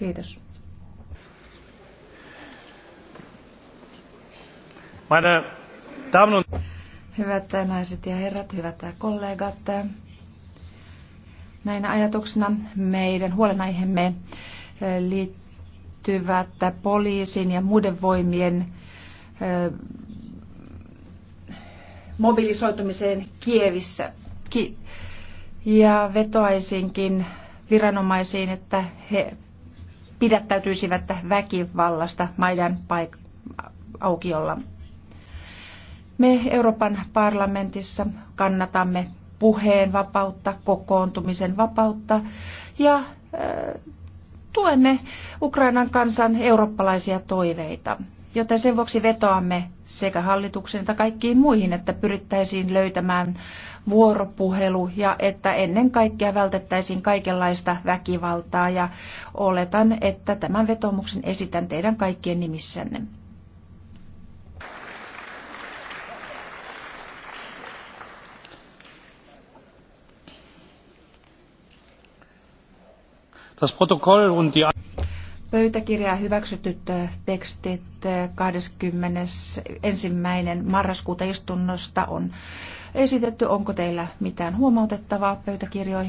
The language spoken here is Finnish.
Kiitos. Hyvät naiset ja herrat, hyvät kollegat. Näinä ajatuksena meidän huolenaiheemme liittyvät poliisin ja muiden voimien mobilisoitumiseen Kievissä. Ja vetoaisinkin viranomaisiin, että he pidättäytyisivät väkivallasta Maidan paik- aukiolla. Me Euroopan parlamentissa kannatamme puheen vapautta, kokoontumisen vapautta ja äh, tuemme Ukrainan kansan eurooppalaisia toiveita. Joten sen vuoksi vetoamme sekä hallituksen että kaikkiin muihin, että pyrittäisiin löytämään vuoropuhelu ja että ennen kaikkea vältettäisiin kaikenlaista väkivaltaa ja oletan, että tämän vetomuksen esitän teidän kaikkien nimissänne. Das Protokoll und die Pöytäkirjaa hyväksytyt äh, tekstit 21. Äh, marraskuuta istunnosta on esitetty. Onko teillä mitään huomautettavaa pöytäkirjoihin?